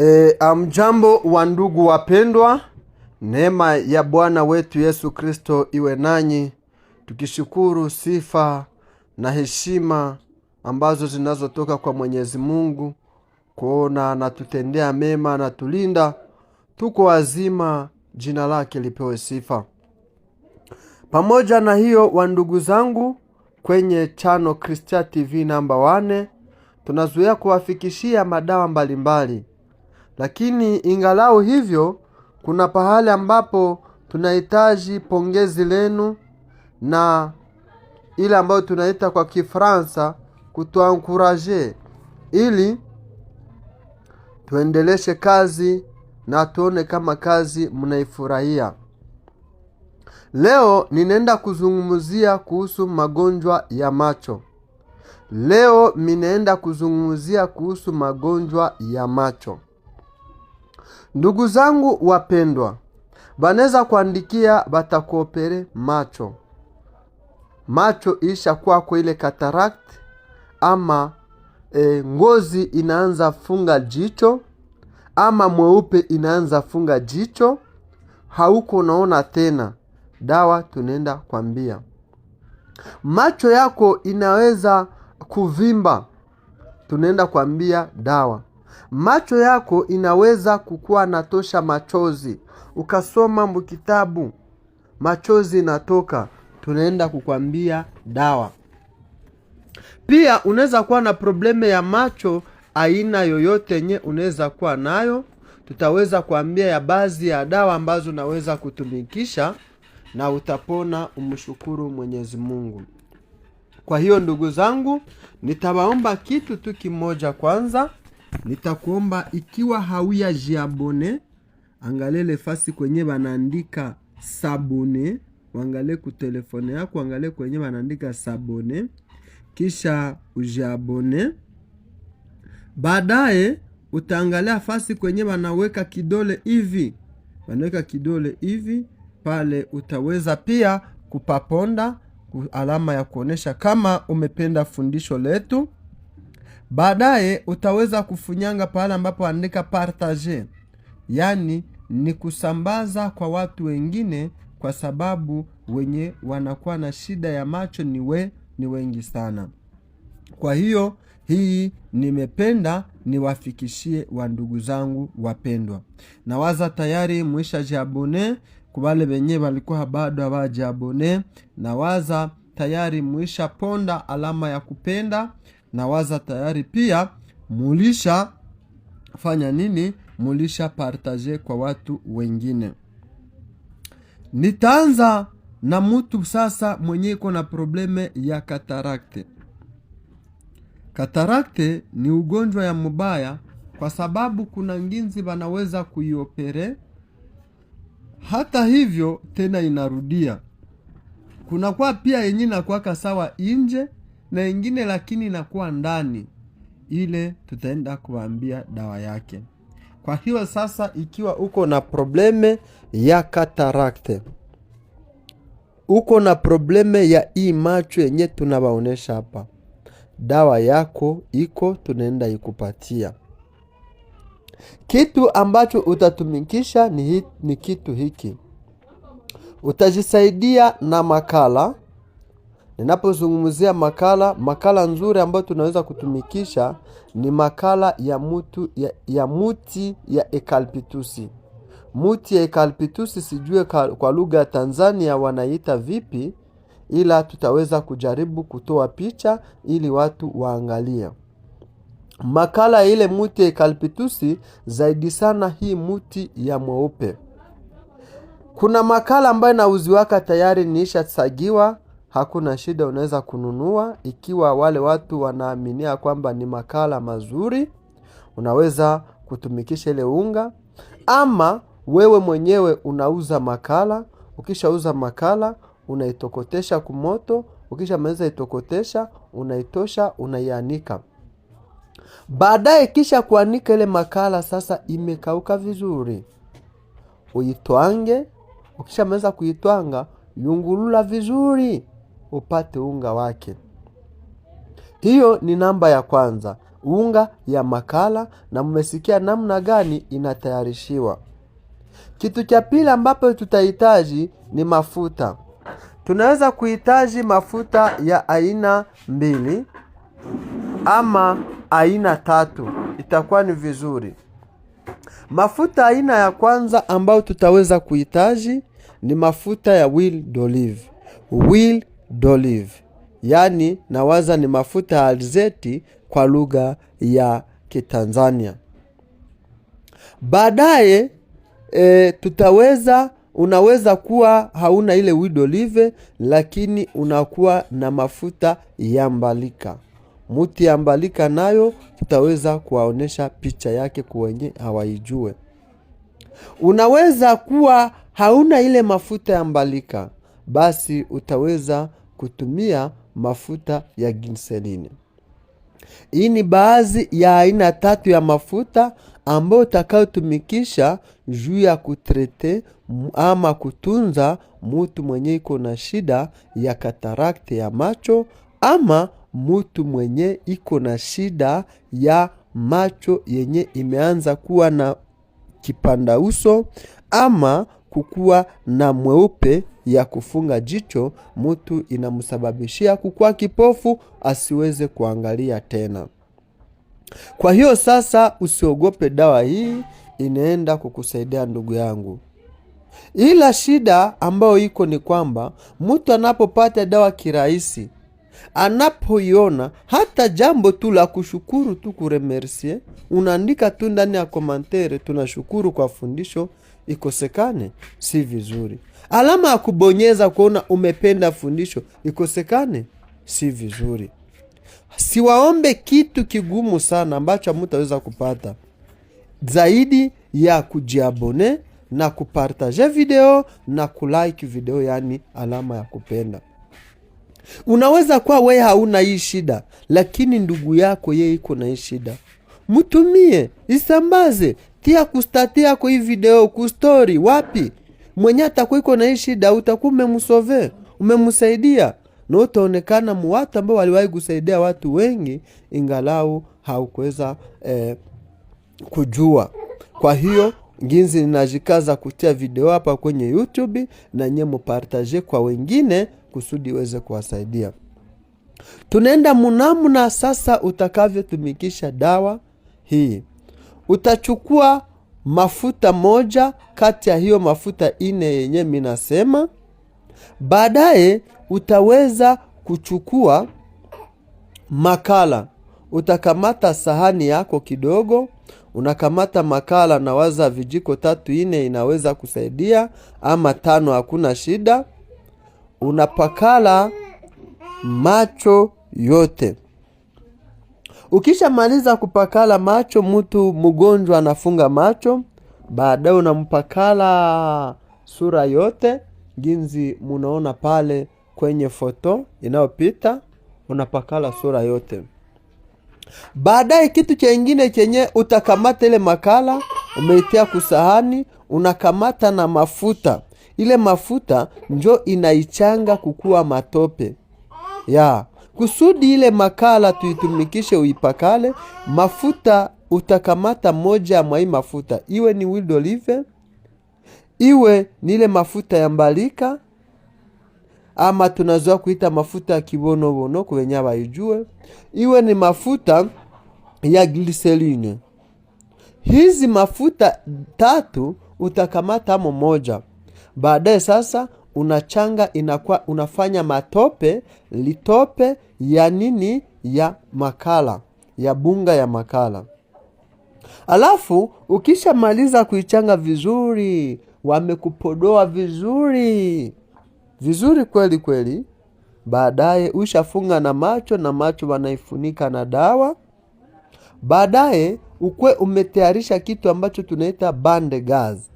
E, amjambo wa ndugu wapendwa, neema ya Bwana wetu Yesu Kristo iwe nanyi, tukishukuru sifa na heshima ambazo zinazotoka kwa Mwenyezi Mungu kuona anatutendea mema na tulinda, tuko wazima, jina lake lipewe sifa. Pamoja na hiyo, wa ndugu zangu kwenye chano Christian TV namba wane, tunazoea kuwafikishia madawa mbalimbali mbali. Lakini ingalau hivyo, kuna pahali ambapo tunahitaji pongezi lenu na ile ambayo tunaita kwa Kifaransa kutuankuraje, ili tuendeleshe kazi na tuone kama kazi mnaifurahia. Leo ninaenda kuzungumzia kuhusu magonjwa ya macho. Leo ninaenda kuzungumzia kuhusu magonjwa ya macho. Ndugu zangu wapendwa, baneza kuandikia batakopere macho macho isha kwako ile cataract ama e, ngozi inaanza funga jicho ama mweupe inaanza funga jicho, hauko naona tena. Dawa tunaenda kwambia macho yako inaweza kuvimba, tunaenda kwambia dawa macho yako inaweza kukuwa natosha machozi, ukasoma mkitabu machozi inatoka, tunaenda kukwambia dawa. Pia unaweza kuwa na probleme ya macho aina yoyote nye unaweza kuwa nayo, tutaweza kuambia ya baadhi ya dawa ambazo unaweza kutumikisha na utapona. Umshukuru Mwenyezi Mungu. Kwa hiyo ndugu zangu, nitawaomba kitu tu kimoja kwanza nitakuomba ikiwa hauya jiabone, angalele fasi kwenye wanaandika sabone, wangale kutelefone yako, wangale kwenye wanaandika sabone, kisha ujiabone. Baadaye utaangalia fasi kwenye wanaweka kidole hivi, wanaweka kidole hivi pale, utaweza pia kupaponda alama ya kuonesha kama umependa fundisho letu. Baadaye utaweza kufunyanga pale ambapo andika partager, yaani ni kusambaza kwa watu wengine, kwa sababu wenye wanakuwa na shida ya macho ni, we, ni wengi sana. Kwa hiyo hii nimependa niwafikishie wa ndugu zangu wapendwa. Nawaza tayari mwisha jabone kwa wale wenye walikuwa bado hawajiabone. Nawaza tayari mwisha ponda alama ya kupenda nawaza tayari pia mulisha fanya nini, mulisha partaje kwa watu wengine. Nitaanza na mtu sasa mwenye iko na probleme ya katarakte. Katarakte ni ugonjwa ya mubaya, kwa sababu kuna nginzi wanaweza kuiopere hata hivyo tena inarudia. Kunakuwa pia yenye nakuwaka sawa inje na ingine lakini inakuwa ndani, ile tutaenda kuambia dawa yake. Kwa hiyo sasa, ikiwa uko na probleme ya katarakte, uko na probleme ya hii macho yenye tunawaonesha hapa, dawa yako iko, tunaenda ikupatia kitu ambacho utatumikisha ni, hit, ni kitu hiki utajisaidia na makala Ninapozungumzia makala, makala nzuri ambayo tunaweza kutumikisha ni makala ya mutu, ya, ya muti ya ekalpitusi. Muti ya ekalpitusi sijue kwa lugha ya Tanzania wanaita vipi, ila tutaweza kujaribu kutoa picha ili watu waangalie. Makala ile muti ya ekalpitusi zaidi sana hii muti ya mweupe. Kuna makala ambayo nauziwaka tayari niishasagiwa hakuna shida, unaweza kununua. Ikiwa wale watu wanaaminia kwamba ni makala mazuri, unaweza kutumikisha ile unga, ama wewe mwenyewe unauza makala. Ukishauza makala, unaitokotesha kumoto. Ukishamaliza itokotesha, unaitosha, unaianika. Baadaye kisha kuanika ile makala sasa imekauka vizuri, uitwange. Ukishamaliza kuitwanga, yungulula vizuri upate unga wake. Hiyo ni namba ya kwanza, unga ya makala, na mmesikia namna gani inatayarishiwa. Kitu cha pili ambapo tutahitaji ni mafuta. Tunaweza kuhitaji mafuta ya aina mbili ama aina tatu, itakuwa ni vizuri. Mafuta aina ya kwanza ambayo tutaweza kuhitaji ni mafuta ya huile d'olive. Huile d'olive, yaani nawaza ni mafuta ya alizeti kwa lugha ya Kitanzania. Baadaye e, tutaweza unaweza kuwa hauna ile wido live, lakini unakuwa na mafuta ya mbalika muti ya mbalika, nayo tutaweza kuwaonyesha picha yake kwa wenye hawaijue. Unaweza kuwa hauna ile mafuta ya mbalika basi utaweza kutumia mafuta ya ginselini. Hii ni baadhi ya aina tatu ya mafuta ambayo utakayotumikisha juu ya kutrete ama kutunza mutu mwenye iko na shida ya katarakte ya macho ama mutu mwenye iko na shida ya macho yenye imeanza kuwa na kipanda uso ama kukuwa na mweupe ya kufunga jicho mtu inamsababishia kukuwa kipofu asiweze kuangalia tena. Kwa hiyo sasa, usiogope, dawa hii inaenda kukusaidia ndugu yangu, ila shida ambayo iko ni kwamba mtu anapopata dawa kirahisi anapoiona hata jambo tu la kushukuru tu kuremersie, unaandika tu ndani ya komantere, tunashukuru kwa fundisho ikosekane, si vizuri. Alama ya kubonyeza kuona umependa fundisho ikosekane, si vizuri. Siwaombe kitu kigumu sana ambacho hamutaweza kupata zaidi ya kujiabone na kupartaje video na kulike video, yani alama ya kupenda. Unaweza kuwa wewe hauna hii shida, lakini ndugu yako yeye iko na hii shida. Mtumie, isambaze tia kustati yako hii video kustori wapi, mwenye atakuwa iko na hii shida utakuwa umemsove umemsaidia, na utaonekana muwatu ambao waliwahi kusaidia watu wengi, ingalau haukuweza eh, kujua. Kwa hiyo ginzi ninajikaza kutia video hapa kwenye YouTube na nye mupartaje kwa wengine kusudi iweze kuwasaidia. Tunaenda munamna sasa utakavyotumikisha dawa hii utachukua mafuta moja kati ya hiyo mafuta ine yenye minasema. Baadaye utaweza kuchukua makala, utakamata sahani yako kidogo, unakamata makala na waza vijiko tatu ine inaweza kusaidia, ama tano, hakuna shida. Unapakala macho yote Ukishamaliza kupakala macho, mtu mgonjwa anafunga macho, baadaye unampakala sura yote ginzi munaona pale kwenye foto inayopita, unapakala sura yote. Baadaye kitu chengine chenye utakamata ile makala umeitia kusahani, unakamata na mafuta. Ile mafuta njo inaichanga kukua matope ya kusudi ile makala tuitumikishe uipakale mafuta. Utakamata moja ya mwai mafuta, iwe ni wild olive, iwe ni ile mafuta ya mbalika, ama tunazoa kuita mafuta ya kibonobono kuwenya waijue, iwe ni mafuta ya gliserine. Hizi mafuta tatu utakamata amo moja, baadaye sasa unachanga inakuwa unafanya matope litope ya nini ya makala ya bunga ya makala. Alafu ukishamaliza kuichanga vizuri, wamekupodoa vizuri vizuri kweli kweli. Baadaye ushafunga na macho na macho wanaifunika na dawa. Baadaye ukwe umetayarisha kitu ambacho tunaita bande gazi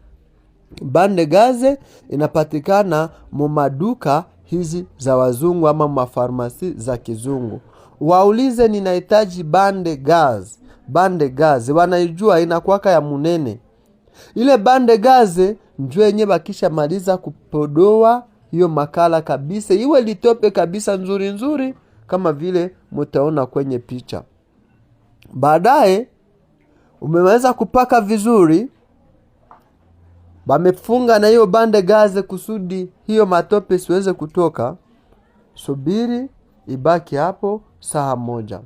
bande gaze inapatikana mumaduka hizi za wazungu ama mafarmasi za kizungu. Waulize ninahitaji bande bande bandegaze wanaijua, inakwaka ya munene ile gaze njue enye bakisha maliza kupodoa hiyo makala kabisa, iwe litope kabisa nzuri nzuri, kama vile mutaona kwenye picha. Baadaye umeweza kupaka vizuri Bamefunga na hiyo bande gaze kusudi hiyo matope siweze kutoka. Subiri ibaki hapo saha moja.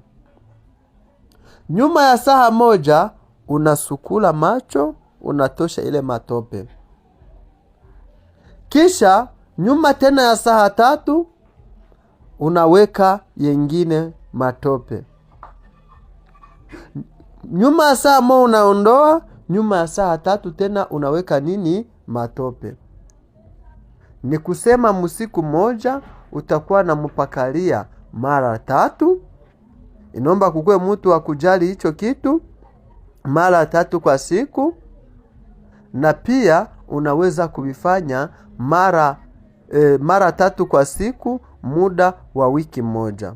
Nyuma ya saha moja unasukula macho, unatosha ile matope. Kisha nyuma tena ya saha tatu unaweka yengine matope. Nyuma ya saha moja unaondoa nyuma ya saa tatu tena unaweka nini? Matope. Ni kusema musiku moja utakuwa na mupakalia mara tatu. Inaomba kukuwe mutu wa kujali hicho kitu mara tatu kwa siku, na pia unaweza kuvifanya mara, e, mara tatu kwa siku muda wa wiki moja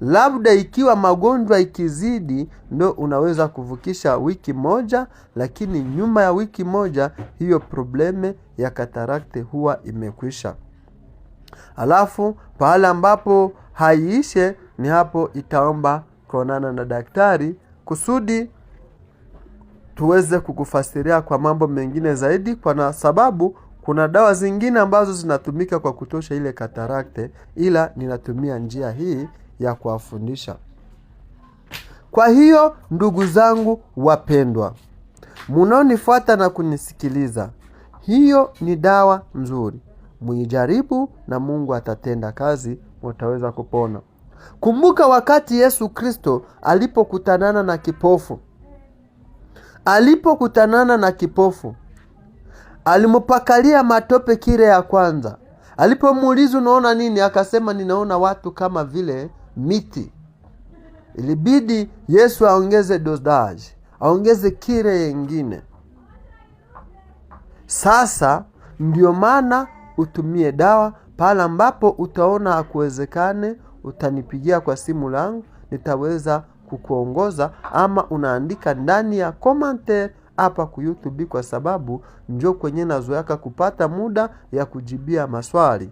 labda ikiwa magonjwa ikizidi, ndo unaweza kuvukisha wiki moja, lakini nyuma ya wiki moja hiyo probleme ya katarakte huwa imekwisha. Alafu pahala ambapo haiishe ni hapo itaomba kuonana na daktari kusudi tuweze kukufasiria kwa mambo mengine zaidi, kwa sababu kuna dawa zingine ambazo zinatumika kwa kutosha ile katarakte, ila ninatumia njia hii ya kuwafundisha. Kwa hiyo ndugu zangu wapendwa, munaonifuata na kunisikiliza, hiyo ni dawa nzuri, muijaribu na Mungu atatenda kazi, mutaweza kupona. Kumbuka wakati Yesu Kristo alipokutanana na kipofu, alipokutanana na kipofu alimpakalia matope kile ya kwanza. Alipomuuliza unaona nini, akasema ninaona watu kama vile miti. Ilibidi Yesu aongeze dosaji, aongeze kire yengine. Sasa ndio maana utumie dawa pale ambapo utaona hakuwezekane, utanipigia kwa simu langu, nitaweza kukuongoza ama unaandika ndani ya commentaire hapa ku YouTube, kwa sababu njo kwenye nazoaka kupata muda ya kujibia maswali.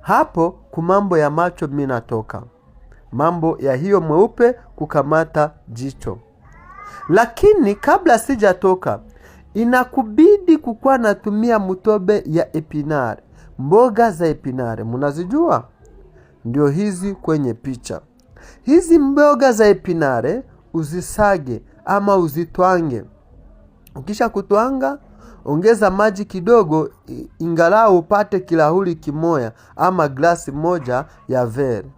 Hapo kumambo ya macho minatoka mambo ya hiyo mweupe kukamata jicho, lakini kabla sijatoka, inakubidi kukuwa natumia mutobe ya epinare. Mboga za epinare munazijua? Ndio hizi kwenye picha. Hizi mboga za epinare uzisage ama uzitwange, ukisha kutwanga Ongeza maji kidogo, ingalau upate kilahuli kimoya ama glasi moja ya vere.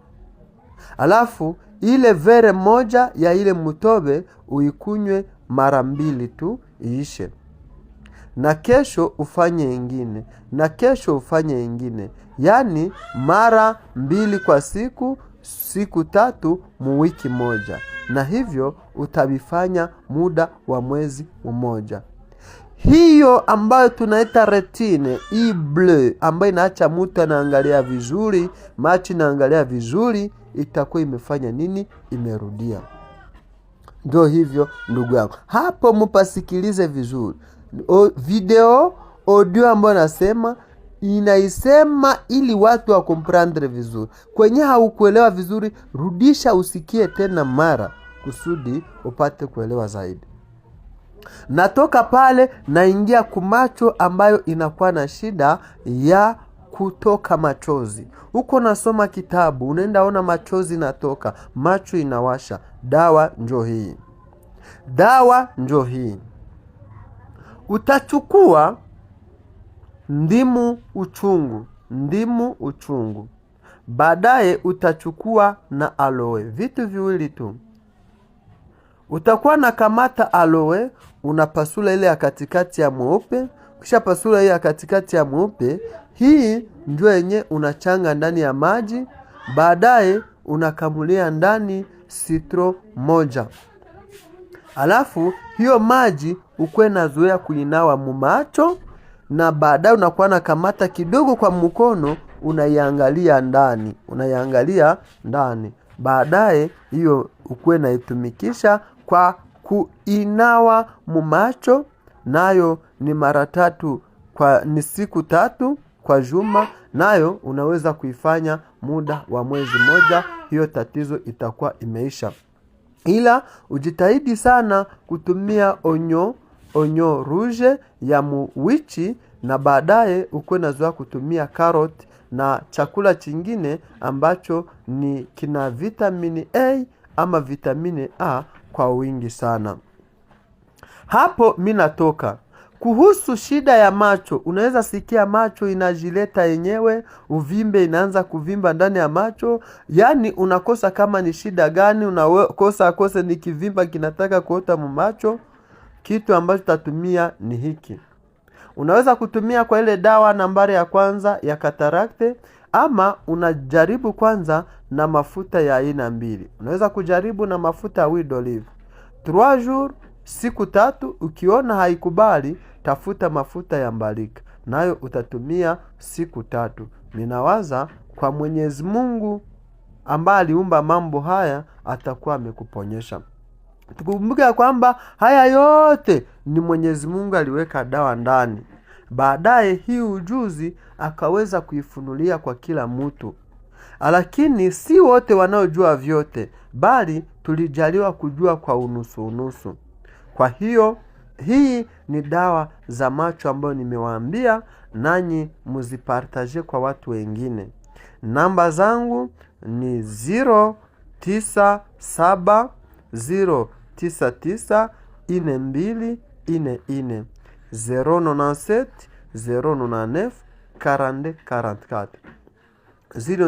Alafu ile vere moja ya ile mutobe uikunywe mara mbili tu iishe, na kesho ufanye ingine, na kesho ufanye ingine, yaani mara mbili kwa siku, siku tatu mu wiki moja, na hivyo utavifanya muda wa mwezi mmoja hiyo ambayo tunaita retine hii bleu ambayo inaacha mtu anaangalia vizuri, macho inaangalia vizuri, itakuwa imefanya nini? Imerudia. Ndio hivyo ndugu yangu, hapo mupasikilize vizuri o, video audio ambayo nasema inaisema ili watu wa comprendre vizuri. Kwenye haukuelewa vizuri, rudisha usikie tena mara kusudi upate kuelewa zaidi natoka pale naingia kumacho ambayo inakuwa na shida ya kutoka machozi. Huko nasoma kitabu, unaenda ona machozi natoka, macho inawasha. Dawa njo hii, dawa njo hii. Utachukua ndimu uchungu, ndimu uchungu, baadaye utachukua na aloe, vitu viwili tu. Utakuwa na kamata aloe, unapasula ile ya katikati ya mweupe, kisha pasula ile ya katikati ya mweupe. Hii ndio yenye unachanga ndani ya maji, baadaye unakamulia ndani sitro moja, alafu hiyo maji ukwe nazoea kuinawa mumacho, na baadaye unakuwa na kamata kidogo kwa mkono, unaiangalia ndani, unaiangalia ndani, baadaye hiyo ukwe naitumikisha kwa kuinawa mumacho nayo ni mara tatu kwa ni siku tatu kwa juma, nayo unaweza kuifanya muda wa mwezi moja, hiyo tatizo itakuwa imeisha. Ila ujitahidi sana kutumia onyo onyo ruje ya muwichi, na baadaye ukuwe unazoea kutumia carrot na chakula chingine ambacho ni kina vitamini A ama vitamini A kwa wingi sana. Hapo mi natoka kuhusu shida ya macho, unaweza sikia macho inajileta yenyewe, uvimbe inaanza kuvimba ndani ya macho. Yaani unakosa kama ni shida gani, unakosa akose ni kivimba kinataka kuota mumacho. Kitu ambacho tatumia ni hiki, unaweza kutumia kwa ile dawa nambari ya kwanza ya katarakte ama unajaribu kwanza na mafuta ya aina mbili. Unaweza kujaribu na mafuta ya huile olive trois jours, siku tatu. Ukiona haikubali tafuta mafuta ya mbalika, nayo utatumia siku tatu. Ninawaza kwa Mwenyezi Mungu ambaye aliumba mambo haya atakuwa amekuponyesha. Tukumbuke ya kwamba haya yote ni Mwenyezi Mungu aliweka dawa ndani. Baadaye hii ujuzi akaweza kuifunulia kwa kila mtu. Lakini si wote wanaojua vyote, bali tulijaliwa kujua kwa unusu unusu. Kwa hiyo hii ni dawa za macho ambayo nimewaambia nanyi muzipartaje kwa watu wengine. Namba zangu ni 0970994244. Zilo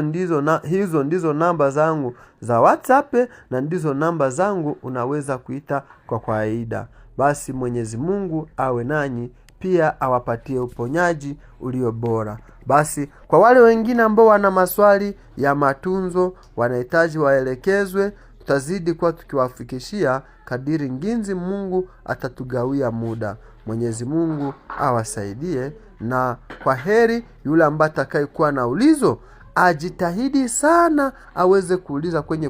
ndizo na, hizo ndizo namba zangu za WhatsApp na ndizo namba zangu unaweza kuita kwa kawaida. Basi Mwenyezi Mungu awe nanyi pia awapatie uponyaji ulio bora. Basi kwa wale wengine ambao wana maswali ya matunzo, wanahitaji waelekezwe, tutazidi kuwa tukiwafikishia kadiri nginzi Mungu atatugawia muda. Mwenyezi Mungu awasaidie, na kwa heri yule ambaye atakayekuwa na ulizo ajitahidi sana aweze kuuliza kwenye